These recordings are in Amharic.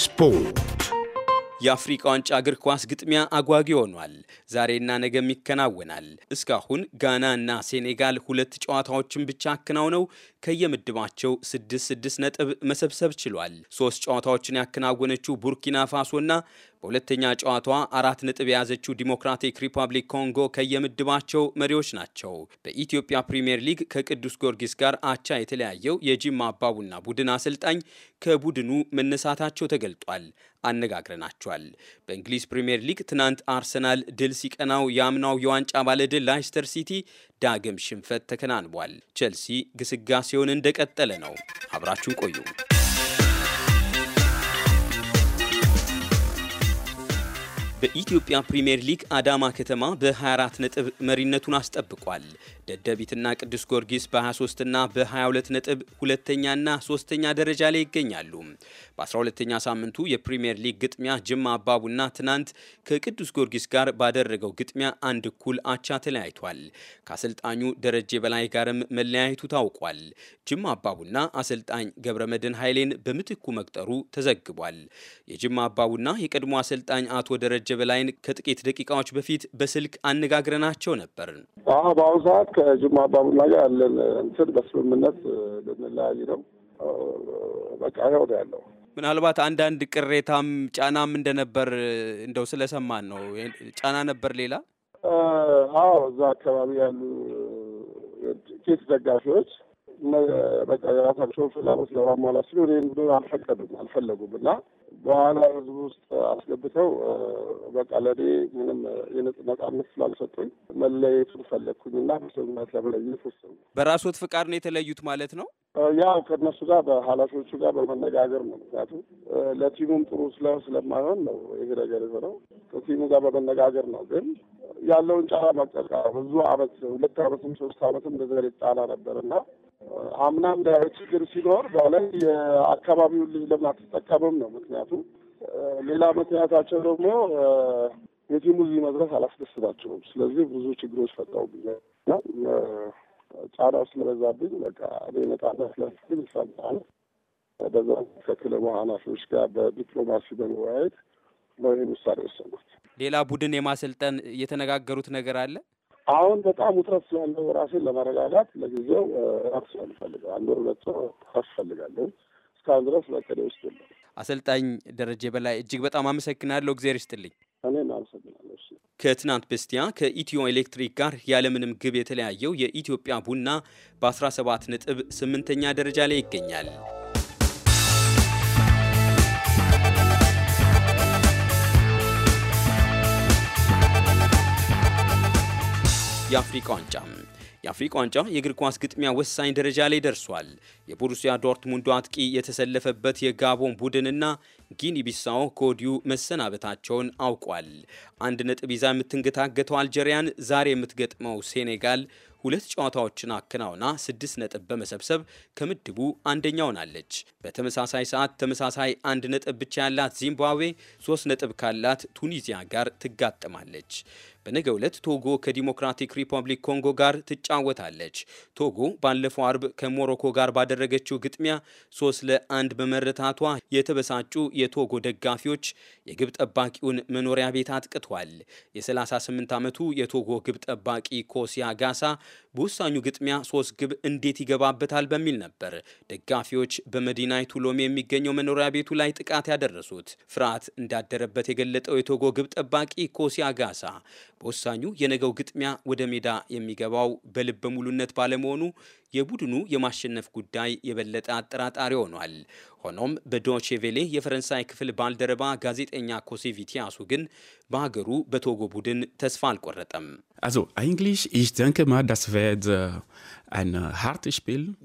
ስፖርት የአፍሪቃ ዋንጫ እግር ኳስ ግጥሚያ አጓጊ ሆኗል። ዛሬና ነገም ይከናወናል። እስካሁን ጋና እና ሴኔጋል ሁለት ጨዋታዎችን ብቻ አከናውነው ከየምድባቸው ስድስት ስድስት ነጥብ መሰብሰብ ችሏል። ሶስት ጨዋታዎችን ያከናወነችው ቡርኪና ፋሶና በሁለተኛ ጨዋታዋ አራት ነጥብ የያዘችው ዲሞክራቲክ ሪፐብሊክ ኮንጎ ከየምድባቸው መሪዎች ናቸው። በኢትዮጵያ ፕሪምየር ሊግ ከቅዱስ ጊዮርጊስ ጋር አቻ የተለያየው የጂማ አባቡና ቡድን አሰልጣኝ ከቡድኑ መነሳታቸው ተገልጧል። አነጋግረናቸዋል። በእንግሊዝ ፕሪምየር ሊግ ትናንት አርሰናል ድል ሲቀናው የአምናው የዋንጫ ባለድል ላይስተር ሲቲ ዳግም ሽንፈት ተከናንቧል። ቼልሲ ግስጋሴውን እንደቀጠለ ነው። አብራችሁን ቆዩ። በኢትዮጵያ ፕሪምየር ሊግ አዳማ ከተማ በ24 ነጥብ መሪነቱን አስጠብቋል። ደደቢትና ቅዱስ ጊዮርጊስ በ23ና በ22 ነጥብ ሁለተኛና ሶስተኛ ደረጃ ላይ ይገኛሉ። በ12ኛ ሳምንቱ የፕሪምየር ሊግ ግጥሚያ ጅማ አባቡና ትናንት ከቅዱስ ጊዮርጊስ ጋር ባደረገው ግጥሚያ አንድ እኩል አቻ ተለያይቷል። ከአሰልጣኙ ደረጀ በላይ ጋርም መለያየቱ ታውቋል። ጅማ አባቡና አሰልጣኝ ገብረመድን ኃይሌን በምትኩ መቅጠሩ ተዘግቧል። የጅማ አባቡና የቀድሞ አሰልጣኝ አቶ ደረጀ በላይን ከጥቂት ደቂቃዎች በፊት በስልክ አነጋግረናቸው ነበር። በአሁኑ ሰዓት ከጅማ አባቡና ጋር ያለን እንትን በስምምነት ልንለያይ ነው። በቃ ያው ነው ያለው ምናልባት አንዳንድ ቅሬታም ጫናም እንደነበር እንደው ስለሰማን ነው። ጫና ነበር ሌላ? አዎ እዛ አካባቢ ያሉ ጥቂት ደጋፊዎች በቃ የራሳቸውን ፍላጎት ለማሟላት ሲሉ እኔ እንድኖር አልፈቀዱም አልፈለጉም እና በኋላ ህዝብ ውስጥ አስገብተው በቃ ለእኔ ምንም ነጻነት ስላልሰጡኝ መለየቱን ፈለግኩኝ እና ሰብነት ለመለየት ወሰኑ። በራሶት ፍቃድ ነው የተለዩት ማለት ነው? ያው ከእነሱ ጋር በኃላፊዎቹ ጋር በመነጋገር ነው። ምክንያቱም ለቲሙም ጥሩ ስለማይሆን ነው ይሄ ነገር የሆነው። ከቲሙ ጋር በመነጋገር ነው። ግን ያለውን ጫና መቀቃ ብዙ አመት ሁለት አመትም ሶስት አመትም እንደዚህ ጫና ነበር እና አምናም ችግር ሲኖር በላይ የአካባቢውን ልጅ ለምን አትጠቀምም ነው ምክንያቱም ሌላ ምክንያታቸው ደግሞ የቲሙ እዚህ መድረስ አላስደስታቸውም። ስለዚህ ብዙ ችግሮች ፈጣው ፈጠሩብኛል። ጫናው ስለበዛብኝ በቃ እኔ በጣም ለስል ይሰማል። በዛ ከክለቡ ኃላፊዎች ጋር በዲፕሎማሲ በመወያየት ነው ይህን ውሳኔ ወሰንኩት። ሌላ ቡድን የማሰልጠን እየተነጋገሩት ነገር አለ። አሁን በጣም ውጥረት ስላለው ራሴን ለማረጋጋት ለጊዜው ራሱ ያልፈልገ አንድ ወር ሁለት ሰው አስፈልጋለሁ እስካሁን ድረስ መቀሌ ውስጥ የለም። አሰልጣኝ ደረጀ በላይ እጅግ በጣም አመሰግናለሁ። እግዜር ይስጥልኝ። እኔም አመሰግናለሁ። ከትናንት በስቲያ ከኢትዮ ኤሌክትሪክ ጋር ያለምንም ግብ የተለያየው የኢትዮጵያ ቡና በ17 ነጥብ ስምንተኛ ደረጃ ላይ ይገኛል። የአፍሪካ ዋንጫም የአፍሪካ ዋንጫ የእግር ኳስ ግጥሚያ ወሳኝ ደረጃ ላይ ደርሷል። የቦሩሲያ ዶርትሙንዱ አጥቂ የተሰለፈበት የጋቦን ቡድንና ጊኒ ቢሳው ከወዲሁ መሰናበታቸውን አውቋል። አንድ ነጥብ ይዛ የምትንገታገተው አልጀሪያን ዛሬ የምትገጥመው ሴኔጋል ሁለት ጨዋታዎችን አከናውና ስድስት ነጥብ በመሰብሰብ ከምድቡ አንደኛ ሆናለች። በተመሳሳይ ሰዓት ተመሳሳይ አንድ ነጥብ ብቻ ያላት ዚምባብዌ ሶስት ነጥብ ካላት ቱኒዚያ ጋር ትጋጠማለች። በነገው ዕለት ቶጎ ከዲሞክራቲክ ሪፐብሊክ ኮንጎ ጋር ትጫወታለች። ቶጎ ባለፈው አርብ ከሞሮኮ ጋር ባደረገችው ግጥሚያ ሶስት ለአንድ በመረታቷ የተበሳጩ የቶጎ ደጋፊዎች የግብ ጠባቂውን መኖሪያ ቤት አጥቅቷል። የ38 ዓመቱ የቶጎ ግብ ጠባቂ ኮሲያ ጋሳ በወሳኙ ግጥሚያ ሶስት ግብ እንዴት ይገባበታል በሚል ነበር ደጋፊዎች በመዲናይቱ ሎሜ የሚገኘው መኖሪያ ቤቱ ላይ ጥቃት ያደረሱት። ፍርሃት እንዳደረበት የገለጠው የቶጎ ግብ ጠባቂ ኮሲያ ጋሳ ወሳኙ የነገው ግጥሚያ ወደ ሜዳ የሚገባው በልበ ሙሉነት ባለመሆኑ የቡድኑ የማሸነፍ ጉዳይ የበለጠ አጠራጣሪ ሆኗል። ሆኖም በዶቼ ቬሌ የፈረንሳይ ክፍል ባልደረባ ጋዜጠኛ ኮሴቪቲያሱ ግን በሀገሩ በቶጎ ቡድን ተስፋ አልቆረጠም።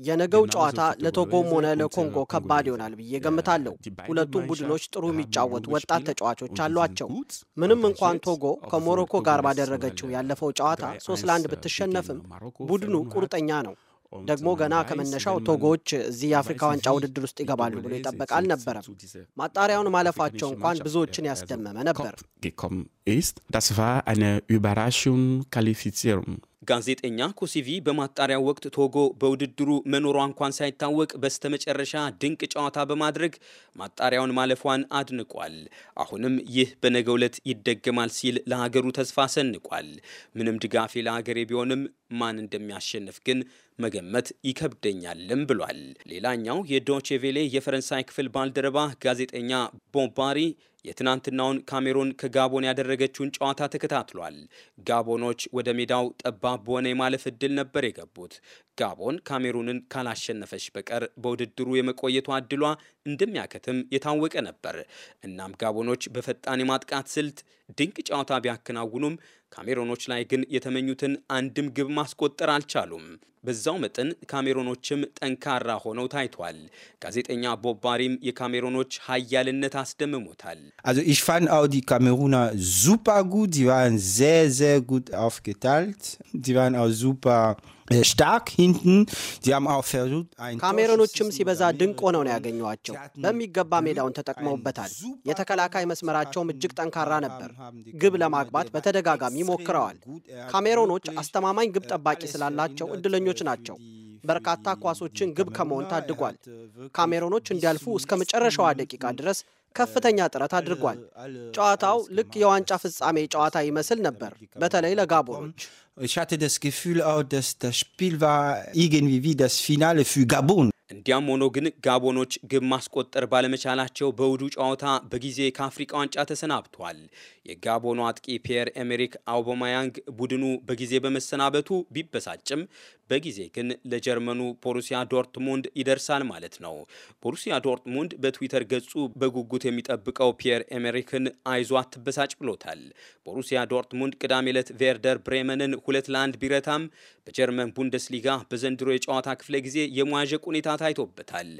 የነገው ጨዋታ ለቶጎም ሆነ ለኮንጎ äh, ከባድ ይሆናል ብዬ ገምታለሁ። ሁለቱም ቡድኖች ጥሩ የሚጫወቱ ወጣት ተጫዋቾች አሏቸው። ምንም እንኳን ቶጎ ከሞሮኮ ጋር äh, ባደረገችው ያለፈው ጨዋታ ሶስት ለአንድ äh, ብትሸነፍም ቡድኑ ቁርጠኛ ነው። ደግሞ ገና ከመነሻው ቶጎዎች እዚህ የአፍሪካ ዋንጫ ውድድር ውስጥ ይገባሉ ብሎ ይጠበቅ አልነበረም። ማጣሪያውን ማለፋቸው እንኳን ብዙዎችን ያስደመመ ነበር። ጋዜጠኛ ኮሲቪ በማጣሪያው ወቅት ቶጎ በውድድሩ መኖሯ እንኳን ሳይታወቅ በስተመጨረሻ ድንቅ ጨዋታ በማድረግ ማጣሪያውን ማለፏን አድንቋል። አሁንም ይህ በነገ ዕለት ይደገማል ሲል ለሀገሩ ተስፋ ሰንቋል። ምንም ድጋፌ ለሀገሬ ቢሆንም ማን እንደሚያሸንፍ ግን መገመት ይከብደኛልም ብሏል። ሌላኛው የዶቼቬሌ የፈረንሳይ ክፍል ባልደረባ ጋዜጠኛ ቦምባሪ የትናንትናውን ካሜሩን ከጋቦን ያደረገችውን ጨዋታ ተከታትሏል። ጋቦኖች ወደ ሜዳው ጠባብ በሆነ የማለፍ እድል ነበር የገቡት። ጋቦን ካሜሩንን ካላሸነፈች በቀር በውድድሩ የመቆየቷ እድሏ እንደሚያከትም የታወቀ ነበር። እናም ጋቦኖች በፈጣን የማጥቃት ስልት ድንቅ ጨዋታ ቢያከናውኑም ካሜሮኖች ላይ ግን የተመኙትን አንድም ግብ ማስቆጠር አልቻሉም። በዛው መጠን ካሜሮኖችም ጠንካራ ሆነው ታይቷል። ጋዜጠኛ ቦብ ባሪም የካሜሮኖች ኃያልነት አስደምሞታል። አዞ ኢሽ ፋን አው ዲ ካሜሩና ዙፓ ጉድ ዘ ዘ ጉድ ጌታልት ዲቫን አው ዙፓ ስታክ äh, hinten. Sie haben ካሜሮኖችም ሲበዛ ድንቅ ሆነው ነው ያገኘዋቸው። በሚገባ ሜዳውን ተጠቅመውበታል። የተከላካይ መስመራቸውም እጅግ ጠንካራ ነበር። ግብ ለማግባት በተደጋጋሚ ሞክረዋል። ካሜሮኖች äh, አስተማማኝ ግብ ጠባቂ ስላላቸው እድለኞች ናቸው። በርካታ ኳሶችን ግብ ከመሆን ታድጓል። ካሜሮኖች እንዲያልፉ እስከ መጨረሻዋ ደቂቃ ድረስ ከፍተኛ ጥረት አድርጓል። ጨዋታው ልክ የዋንጫ ፍጻሜ ጨዋታ ይመስል ነበር፣ በተለይ ለጋቦኖች። እንዲያም ሆኖ ግን ጋቦኖች ግብ ማስቆጠር ባለመቻላቸው በውዱ ጨዋታ በጊዜ ከአፍሪቃ ዋንጫ ተሰናብቷል። የጋቦኑ አጥቂ ፒየር ኤሜሪክ አውቦማያንግ ቡድኑ በጊዜ በመሰናበቱ ቢበሳጭም በጊዜ ግን ለጀርመኑ ቦሩሲያ ዶርትሙንድ ይደርሳል ማለት ነው። ቦሩሲያ ዶርትሙንድ በትዊተር ገጹ በጉጉት የሚጠብቀው ፒየር ኤሜሪክን አይዞ አትበሳጭ ብሎታል። ቦሩሲያ ዶርትሙንድ ቅዳሜ ዕለት ቬርደር ብሬመንን ሁለት ለአንድ ቢረታም በጀርመን ቡንደስሊጋ በዘንድሮ የጨዋታ ክፍለ ጊዜ የመዋዠቅ ሁኔታ ታይቶበታል።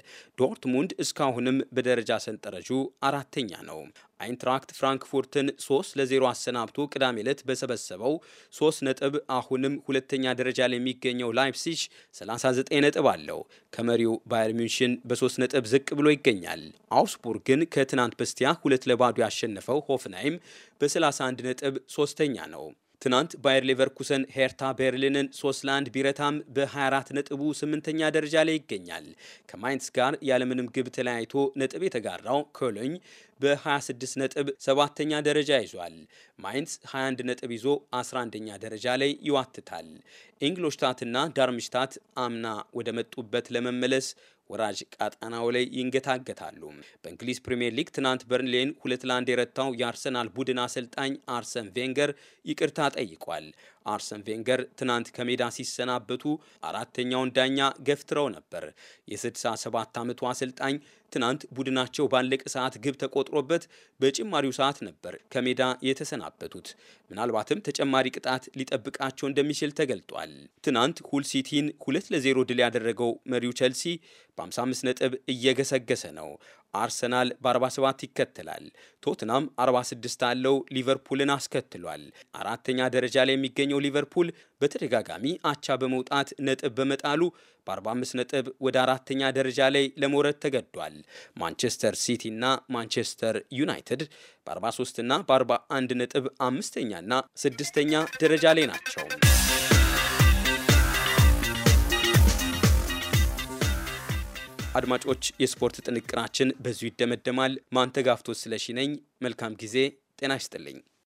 ዶርትሙንድ እስካሁንም በደረጃ ሰንጠረዡ አራተኛ ነው። አይንትራክት ፍራንክፉርትን 3 ለ0 አሰናብቶ ቅዳሜ ዕለት በሰበሰበው 3 ነጥብ አሁንም ሁለተኛ ደረጃ ላይ የሚገኘው ላይፕሲች 39 ነጥብ አለው። ከመሪው ባየር ሚንሽን በ3 ነጥብ ዝቅ ብሎ ይገኛል። አውስቡርግን ከትናንት በስቲያ ሁለት ለባዶ ያሸነፈው ሆፍናይም በ31 ነጥብ ሶስተኛ ነው። ትናንት ባየር ሌቨርኩሰን ሄርታ ቤርሊንን 3 ለ1 ቢረታም በ24 ነጥቡ ስምንተኛ ደረጃ ላይ ይገኛል። ከማይንስ ጋር ያለምንም ግብ ተለያይቶ ነጥብ የተጋራው ኮሎኝ በ26 ነጥብ ሰባተኛ ደረጃ ይዟል። ማይንስ 21 ነጥብ ይዞ 11ኛ ደረጃ ላይ ይዋትታል። ኢንግሎሽታትና ዳርምሽታት አምና ወደ መጡበት ለመመለስ ወራጅ ቀጠናው ላይ ይንገታገታሉ። በእንግሊዝ ፕሪምየር ሊግ ትናንት በርንሌን ሁለት ለአንድ የረታው የአርሰናል ቡድን አሰልጣኝ አርሰን ቬንገር ይቅርታ ጠይቋል። አርሰን ቬንገር ትናንት ከሜዳ ሲሰናበቱ አራተኛውን ዳኛ ገፍትረው ነበር። የ67 ዓመቱ አሰልጣኝ ትናንት ቡድናቸው ባለቀ ሰዓት ግብ ተቆጥሮበት በጭማሪው ሰዓት ነበር ከሜዳ የተሰናበቱት። ምናልባትም ተጨማሪ ቅጣት ሊጠብቃቸው እንደሚችል ተገልጧል። ትናንት ሁል ሲቲን ለ0 ድል ያደረገው መሪው ቸልሲ በ55 ነጥብ እየገሰገሰ ነው። አርሰናል በ47 ይከተላል። ቶትናም 46 አለው። ሊቨርፑልን አስከትሏል። አራተኛ ደረጃ ላይ የሚገኘው ሊቨርፑል በተደጋጋሚ አቻ በመውጣት ነጥብ በመጣሉ በ45 ነጥብ ወደ አራተኛ ደረጃ ላይ ለመውረድ ተገዷል። ማንቸስተር ሲቲ እና ማንቸስተር ዩናይትድ በ43 እና በ41 ነጥብ አምስተኛና ስድስተኛ ደረጃ ላይ ናቸው። አድማጮች፣ የስፖርት ጥንቅራችን በዚሁ ይደመደማል። ማንተጋፍቶ ስለሺ ነኝ። መልካም ጊዜ። ጤና ይስጥልኝ።